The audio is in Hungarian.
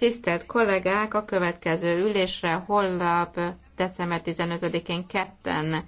Tisztelt kollégák, a következő ülésre holnap december 15-én ketten